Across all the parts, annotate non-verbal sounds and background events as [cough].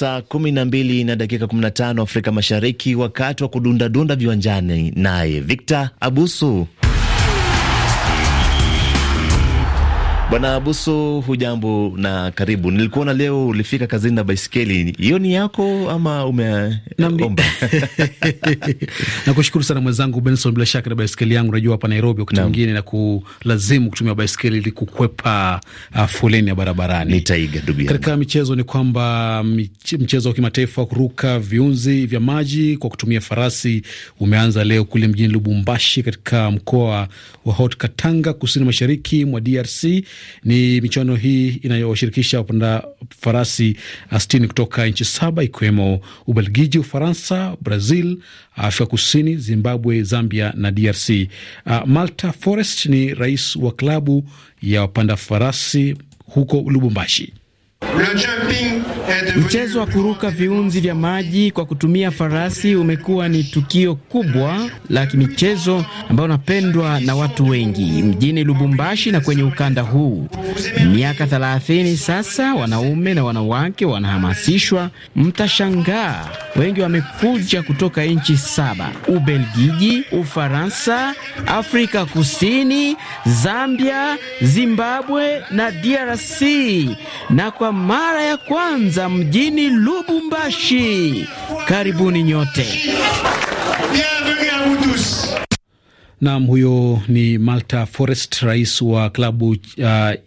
Saa kumi na mbili na dakika tano Afrika Mashariki, wakati wa kudundadunda viwanjani, naye Victor Abusu. Bwana abuso hujambo na karibu. Nilikuona leo ulifika kazini na baiskeli, hiyo ni yako ama umeomba? [laughs] Nakushukuru sana mwenzangu Benson, bila shaka na baiskeli yangu. Najua hapa Nairobi wakati mwingine na kulazimu kutumia baiskeli ili kukwepa uh, foleni ya barabarani. Nitaiga Katika michezo ni kwamba mchezo wa kimataifa wa kuruka viunzi vya maji kwa kutumia farasi umeanza leo kule mjini Lubumbashi katika mkoa wa Haut Katanga, kusini mashariki mwa DRC. Ni michuano hii inayoshirikisha wapanda farasi sitini kutoka nchi saba ikiwemo Ubelgiji, Ufaransa, Brazil, Afrika Kusini, Zimbabwe, Zambia na DRC. Uh, ah, Malta Forest ni rais wa klabu ya wapanda farasi huko Lubumbashi. Mchezo wa kuruka viunzi vya maji kwa kutumia farasi umekuwa ni tukio kubwa la kimichezo ambayo unapendwa na watu wengi mjini Lubumbashi na kwenye ukanda huu. Miaka 30 sasa, wanaume na wanawake wanahamasishwa. Mtashangaa, wengi wamekuja kutoka nchi saba: Ubelgiji, Ufaransa, Afrika Kusini, Zambia, Zimbabwe na DRC na kwa mara ya kwanza mjini Lubumbashi. Karibuni nyote. Nam, huyo ni Malta Forest, rais wa klabu uh,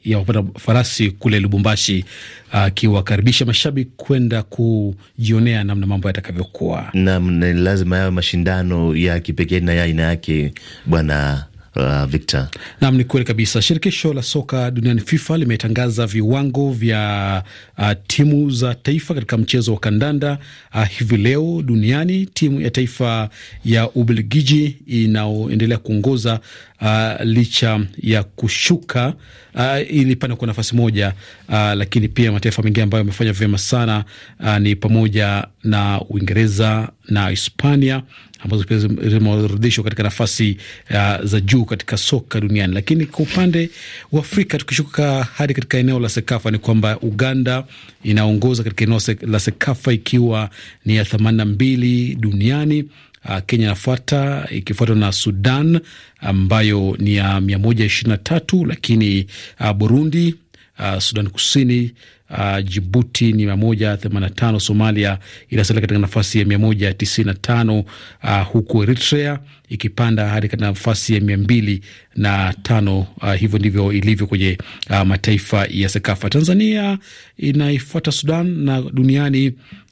ya wapanda farasi kule Lubumbashi, akiwakaribisha uh, mashabiki kwenda kujionea namna mambo yatakavyokuwa. Nam, lazima yawe mashindano ya kipekee na ya aina yake, bwana uh, Victor. Naam, ni kweli kabisa. Shirikisho la soka duniani FIFA limetangaza viwango vya uh, timu za taifa katika mchezo wa kandanda uh, hivi leo duniani. Timu ya taifa ya Ubelgiji inaoendelea kuongoza uh, licha ya kushuka uh, ilipanda kwa nafasi moja uh, lakini pia mataifa mengine ambayo yamefanya vyema sana uh, ni pamoja na Uingereza na Hispania ambazo pia zimeorodheshwa katika nafasi uh, za juu katika soka duniani. Lakini kwa upande wa Afrika, tukishuka hadi katika eneo la SEKAFA ni kwamba Uganda inaongoza katika eneo la SEKAFA ikiwa ni ya themanini na mbili duniani. Ah, Kenya inafuata ikifuatwa na Sudan ambayo ni ya mia moja ishirini na tatu, lakini ah, Burundi, ah, Sudan Kusini, Uh, Jibuti ni mia moja tano Somalia inasalia katika nafasi ya mia moja tisini tano uh, huku Eritrea ikipanda hadi katika nafasi ya tano. Uh, hivyo ndivyo ilivyo kwenye uh, mataifa ya SEKAFA. Tanzania inaifuata Sudan na duniani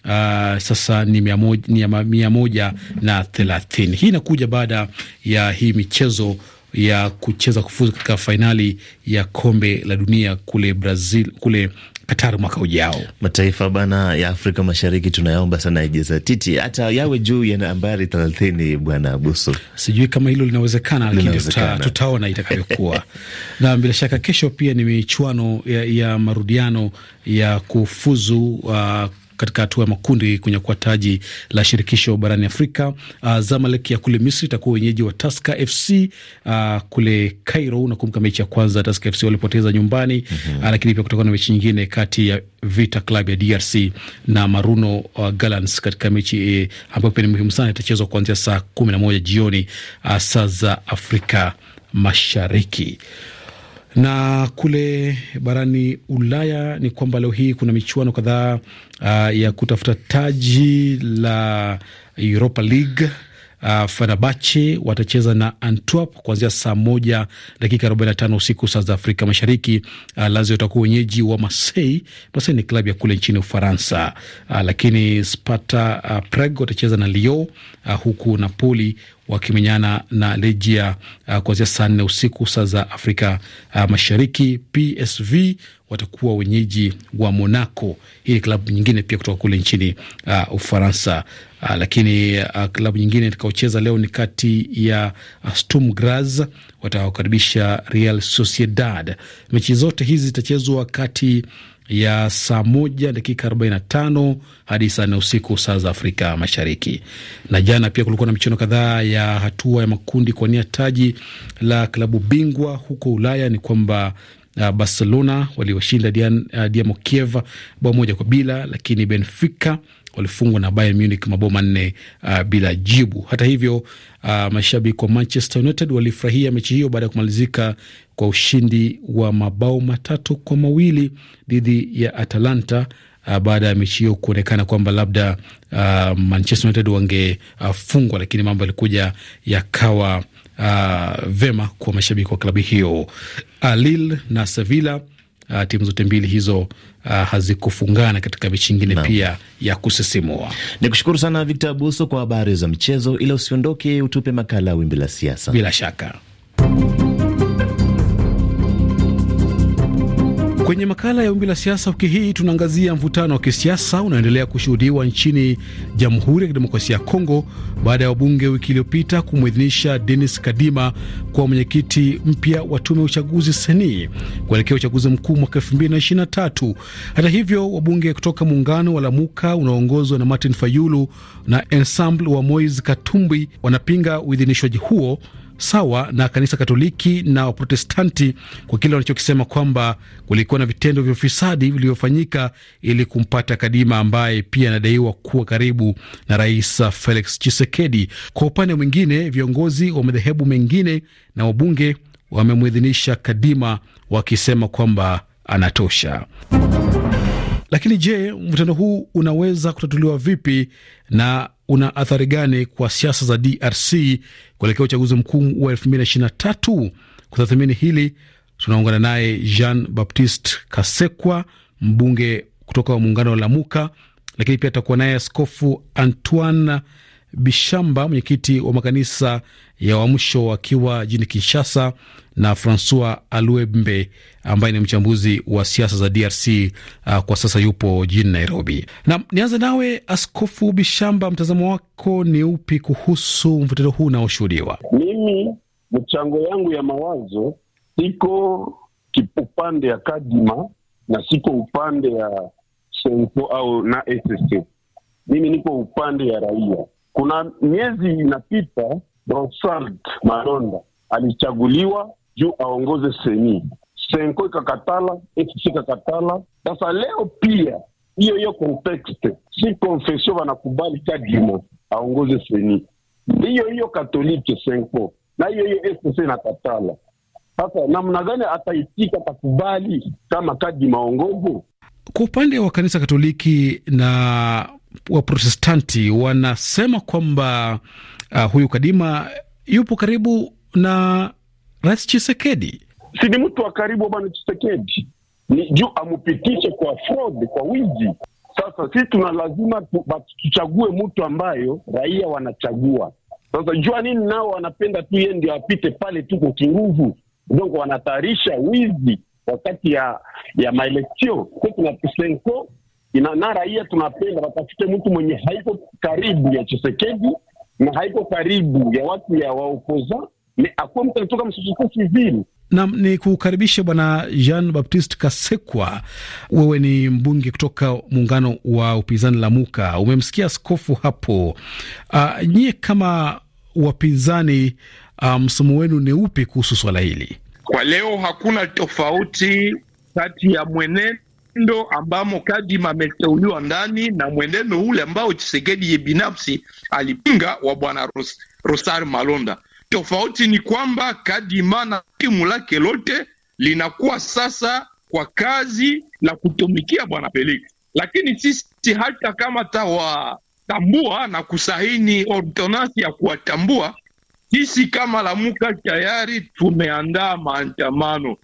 uh, sasa ni mia moja, ni mia moja na thelathini. Hii inakuja baada ya hii michezo ya kucheza kufuzu katika fainali ya kombe la dunia kule Brazil, kule Katar mwaka ujao. Mataifa bana ya Afrika Mashariki tunayaomba sana ijeza titi hata yawe juu ya nambari thelathini. Bwana Abuso, sijui kama hilo linawezekana, lakini tuta, tutaona itakavyokuwa [laughs] na bila shaka kesho pia ni michuano ya, ya marudiano ya kufuzu uh, katika hatua ya makundi kwenye taji la shirikisho barani Afrika. Uh, Zamalek ya kule Misri itakuwa wenyeji wa Taska FC uh, ah, kule Cairo. Unakumbuka mechi ya kwanza Taska FC walipoteza nyumbani mm -hmm. Uh, lakini pia kutakuwa na mechi nyingine kati ya Vita Club ya DRC na Maruno uh, Gallants katika mechi eh, ambayo pia ni muhimu sana, itachezwa kuanzia saa kumi na moja jioni uh, saa za Afrika Mashariki. Na kule barani Ulaya ni kwamba leo hii kuna michuano kadhaa uh, ya kutafuta taji la Europa League Uh, Fenerbahce watacheza na Antwerp kuanzia saa moja dakika 45 usiku saa za Afrika Mashariki. Uh, Lazio watakuwa wenyeji wa Marseille. Marseille ni klabu ya kule nchini Ufaransa. Uh, lakini Sparta uh, Prague watacheza na Lyon, uh, huku Napoli wakimenyana na Legia uh, kuanzia saa nne usiku saa za Afrika uh, Mashariki. PSV watakuwa wenyeji wa Monaco. Hii ni klabu nyingine pia kutoka kule nchini uh, Ufaransa. Uh, lakini uh, klabu nyingine itakaocheza leo ni kati ya uh, Sturm Graz watawakaribisha Real Sociedad. Mechi zote hizi zitachezwa kati ya saa moja dakika 45 hadi saa nne usiku saa za Afrika Mashariki. Na jana pia kulikuwa na michuano kadhaa ya hatua ya makundi kwa nia taji la klabu bingwa huko Ulaya. Ni kwamba uh, Barcelona waliwashinda uh, Kiev bao moja kwa bila, lakini Benfica walifungwa na Bayern Munich mabao manne uh, bila jibu. Hata hivyo uh, mashabiki wa Manchester United walifurahia mechi hiyo baada ya kumalizika kwa ushindi wa mabao matatu kwa mawili dhidi ya Atalanta uh, baada ya mechi hiyo kuonekana kwamba labda uh, Manchester United wangefungwa uh, lakini mambo yalikuja yakawa uh, vema kwa mashabiki wa klabu hiyo. Uh, Lille na Sevilla Uh, timu zote mbili hizo uh, hazikufungana katika mechi nyingine pia ya kusisimua. Ni kushukuru sana Victor Abuso kwa habari za michezo, ila usiondoke, utupe makala wimbi la siasa bila shaka. Kwenye makala ya Wimbi la Siasa wiki hii tunaangazia mvutano wa kisiasa unaoendelea kushuhudiwa nchini Jamhuri ya Kidemokrasia ya Kongo baada ya wabunge wiki iliyopita kumwidhinisha Denis Kadima kuwa mwenyekiti mpya wa tume ya uchaguzi seni kuelekea uchaguzi mkuu mwaka tatu. Hata hivyo, wabunge kutoka muungano wa Lamuka unaoongozwa na Martin Fayulu na Ensemble wa Moise Katumbi wanapinga uidhinishwaji huo sawa na kanisa Katoliki na Waprotestanti kwa kile wanachokisema kwamba kulikuwa na vitendo vya ufisadi vilivyofanyika ili kumpata Kadima ambaye pia anadaiwa kuwa karibu na Rais Felix chisekedi Kwa upande mwingine, viongozi wa madhehebu mengine na wabunge wamemwidhinisha Kadima wakisema kwamba anatosha. Lakini je, mvutano huu unaweza kutatuliwa vipi na una athari gani kwa siasa za DRC kuelekea uchaguzi mkuu wa 2023? Kutathmini hili tunaungana naye Jean Baptiste Kasekwa, mbunge kutoka muungano wa Lamuka, lakini pia atakuwa naye Askofu Antoine Bishamba, mwenyekiti wa makanisa ya wamsho akiwa jini Kinshasa, na Francois Aluembe ambaye ni mchambuzi wa siasa za DRC uh, kwa sasa yupo jijini Nairobi. Na nianze nawe Askofu Bishamba, mtazamo wako ni upi kuhusu mvutano huu unaoshuhudiwa? Mimi mchango yangu ya mawazo siko upande ya Kadima na siko upande ya Senko au na SSC. Mimi niko upande ya raia. Kuna miezi inapita, Ronsard Malonda alichaguliwa juu aongoze seni Senko ikakatala, FCC ikakatala. Sasa leo pia hiyo hiyo kontekste, si konfesio wanakubali Kadimo aongoze seni, hiyo hiyo Katolike Senko na hiyo hiyo FCC inakatala. Sasa namna gani ataitika atakubali kama kadima aongoze? Kwa upande wa kanisa Katoliki na Waprotestanti wanasema kwamba uh, huyu Kadima yupo karibu na Rais Chisekedi si ni mtu wa karibu wa Bwana Tshisekedi, ni juu amupitishe kwa fraud, kwa wizi. Sasa si tuna lazima tuchague mtu ambayo raia wanachagua. Sasa jua nini, nao wanapenda tu yeye ndio apite pale tu kwa kinguvu, ndio wanatayarisha wizi wakati ya ya maelektio tunasenko ina na raia tunapenda watafute mtu mwenye haiko karibu ya Chisekedi na haiko karibu ya watu ya waopoza, akuwe mtu alitoka msusuko sivili Nam ni kukaribisha Bwana Jean Baptiste Kasekwa, wewe ni mbunge kutoka muungano wa upinzani Lamuka. Umemsikia askofu hapo. Uh, nyie kama wapinzani ah, msomo um, wenu ni upi kuhusu swala hili kwa leo? Hakuna tofauti kati ya mwenendo ambamo Kadima ameteuliwa ndani na mwenendo ule ambao Chisekedi ye binafsi alipinga wa Bwana Ros Rosar Malonda Tofauti ni kwamba Kadima na timu lake lote linakuwa sasa kwa kazi la kutumikia bwana Felix, lakini sisi hata kama tawatambua na kusahini ordonansi ya kuwatambua sisi kama Lamuka tayari tumeandaa maandamano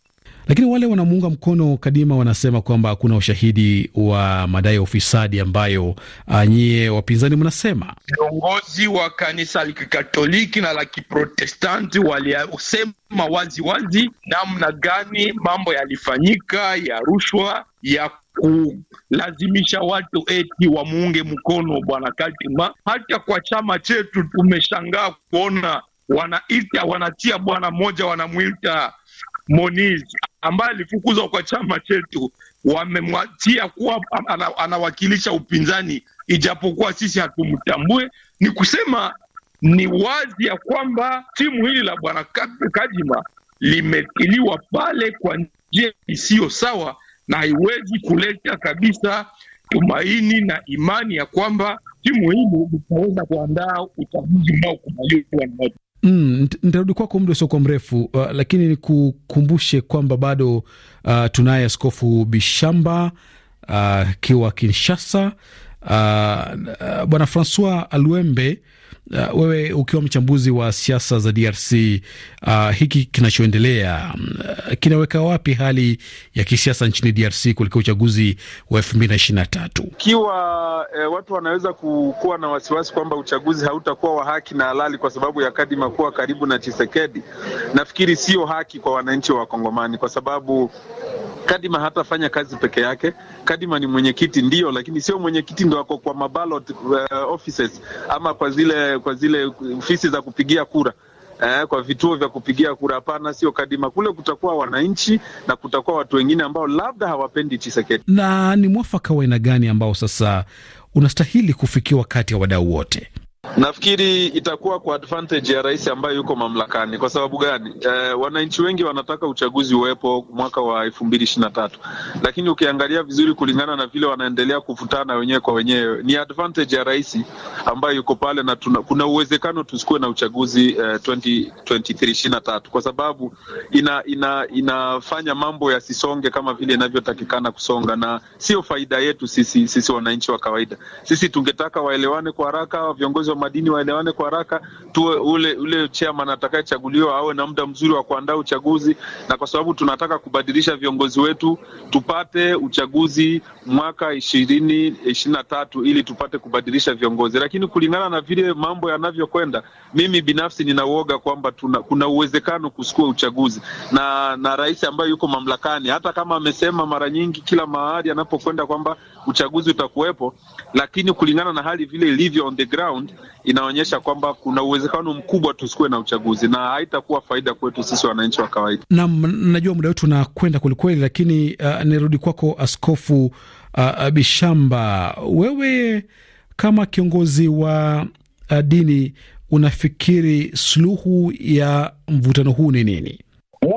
lakini wale wanamuunga mkono Kadima wanasema kwamba hakuna ushahidi wa madai ya ufisadi ambayo uh, nyie wapinzani mnasema. Viongozi wa kanisa la Kikatoliki na la Kiprotestanti waliosema wazi wazi namna gani mambo yalifanyika ya rushwa ya kulazimisha watu eti wamuunge mkono bwana Kadima. Hata kwa chama chetu tumeshangaa kuona wanaita wanatia bwana mmoja wanamwita Moniz ambaye alifukuzwa kwa chama chetu, wamemwatia kuwa anawakilisha upinzani, ijapokuwa sisi hatumtambue. Ni kusema ni wazi ya kwamba timu hili la bwana Kajima limetiliwa pale kwa njia isiyo sawa, na haiwezi kuleta kabisa tumaini na imani ya kwamba timu hili litaweza kuandaa uchaguzi unaokubaliwa na watu. Mm, nitarudi kwako muda usiokuwa mrefu uh, lakini nikukumbushe kwamba bado uh, tunaye Askofu Bishamba uh, akiwa uh, Kinshasa. Uh, uh, Bwana Francois Aluembe uh, wewe ukiwa mchambuzi wa siasa za DRC uh, hiki kinachoendelea um, uh, kinaweka wapi hali ya kisiasa nchini DRC kuelekea uchaguzi wa elfu mbili na ishirini na tatu ikiwa eh, watu wanaweza kuwa na wasiwasi kwamba uchaguzi hautakuwa wa haki na halali kwa sababu ya Kadima kuwa karibu na Chisekedi. Nafikiri sio haki kwa wananchi wa Kongomani kwa sababu Kadima hatafanya kazi peke yake. Kadima ni mwenyekiti ndio, lakini sio mwenyekiti ndo ako kwa mabalot uh, eh, offices ama kwa zile kwa zile ofisi za kupigia kura eh, kwa vituo vya kupigia kura. Hapana, sio Kadima. Kule kutakuwa wananchi na kutakuwa watu wengine ambao labda hawapendi Chisekedi. Na ni mwafaka wa aina gani ambao sasa unastahili kufikiwa kati ya wadau wote? Nafikiri itakuwa kwa advantage ya rais ambaye yuko mamlakani. Kwa sababu gani? E, wananchi wengi wanataka uchaguzi uwepo mwaka wa elfu mbili ishirini na tatu, lakini ukiangalia vizuri, kulingana na vile wanaendelea kuvutana wenyewe kwa wenyewe, ni advantage ya rais ambaye yuko pale, na tuna, kuna uwezekano tusikuwe na uchaguzi eh, e, 2023 ishirini kwa sababu ina, ina, inafanya mambo yasisonge kama vile inavyotakikana kusonga, na sio faida yetu sisi, sisi wananchi wa kawaida. Sisi tungetaka waelewane kwa haraka viongozi wa madini waelewane kwa haraka, tuwe ule ule chairman atakayechaguliwa awe na muda mzuri wa kuandaa uchaguzi, na kwa sababu tunataka kubadilisha viongozi wetu, tupate uchaguzi mwaka ishirini ishirini na tatu ili tupate kubadilisha viongozi. Lakini kulingana na vile mambo yanavyokwenda, mimi binafsi nina uoga kwamba kuna uwezekano kusukua uchaguzi na, na rais ambaye yuko mamlakani, hata kama amesema mara nyingi kila mahali anapokwenda kwamba uchaguzi utakuwepo, lakini kulingana na hali vile ilivyo on the ground inaonyesha kwamba kuna uwezekano mkubwa tusikuwe na uchaguzi na haitakuwa faida kwetu sisi wananchi wa kawaida. nam najua muda wetu unakwenda kwelikweli, lakini uh, nirudi kwako Askofu uh, uh, Bishamba, wewe kama kiongozi wa uh, dini unafikiri suluhu ya mvutano huu ni nini?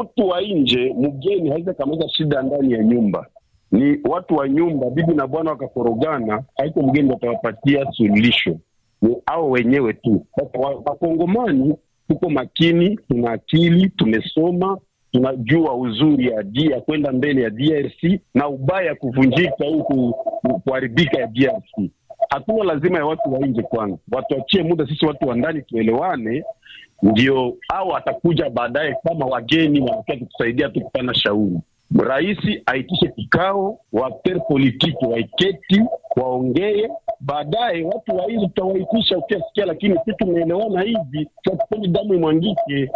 Mtu wa nje mgeni haweza kamaliza shida ndani ya nyumba ni watu wa nyumba, bibi na bwana wakakorogana, haiko mgeni watawapatia suluhisho, ni ao wenyewe tu. Sasa wakongomani tuko makini, tuna akili, tumesoma, tunajua uzuri ya ya kwenda mbele ya DRC na ubaya ya kuvunjika au kuharibika ya DRC. Hatuna lazima ya watu wa nje, kwanza watuachie muda sisi watu wa ndani tuelewane, ndio au atakuja baadaye kama wageni wanakia kutusaidia tu kupana shauri Raisi aitishe kikao, wa wakter politiki waiketi waongee, baadaye watu wa hizi tutawaitisha, ukiasikia lakini si tumeelewana hivi, hatupendi damu imwangike.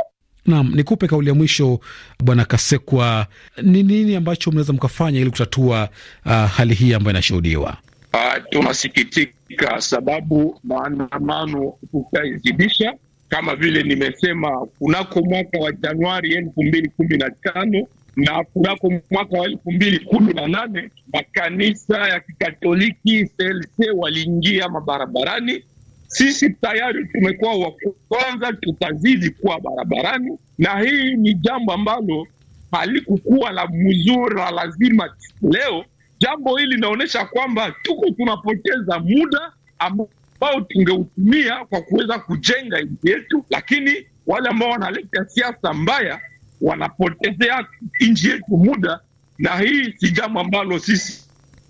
Naam, nikupe kauli ya mwisho Bwana Kasekwa, ni nini ambacho mnaweza mkafanya ili kutatua uh, hali hii ambayo inashuhudiwa? Uh, tunasikitika sababu maandamano tutaizidisha kama vile nimesema kunako mwaka wa Januari elfu mbili kumi na tano na kunako mwaka wa elfu mbili kumi na nane makanisa ya Kikatoliki CLC waliingia mabarabarani. Sisi tayari tumekuwa wa kwanza, tutazidi kuwa barabarani, na hii ni jambo ambalo halikukuwa la mzura lazima leo. Jambo hili linaonyesha kwamba tuko tunapoteza muda ambao tungeutumia kwa kuweza kujenga nchi yetu, lakini wale ambao wanaleta siasa mbaya wanapotezea nchi yetu muda, na hii si jambo ambalo sisi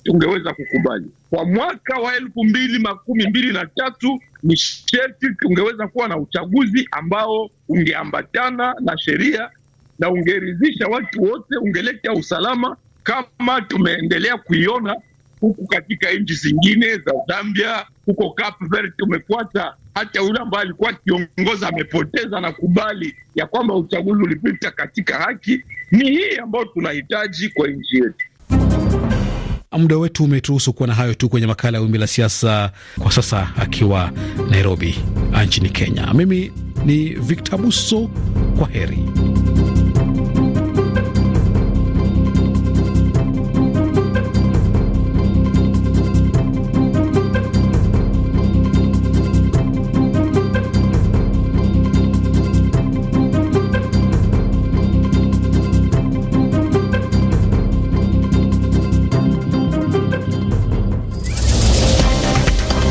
tungeweza kukubali. Kwa mwaka wa elfu mbili makumi mbili na tatu ni sherti tungeweza kuwa na uchaguzi ambao ungeambatana na sheria na ungeridhisha watu wote, ungeleta usalama kama tumeendelea kuiona huku katika nchi zingine za Zambia, huko Cape Verde tumefuata hata yule ambaye alikuwa akiongoza amepoteza na kubali ya kwamba uchaguzi ulipita katika haki. Ni hii ambayo tunahitaji kwa nchi yetu. Muda wetu umeturuhusu kuwa na hayo tu kwenye makala ya Wimbi la Siasa kwa sasa, akiwa Nairobi nchini Kenya. Mimi ni Victor Buso, kwa heri.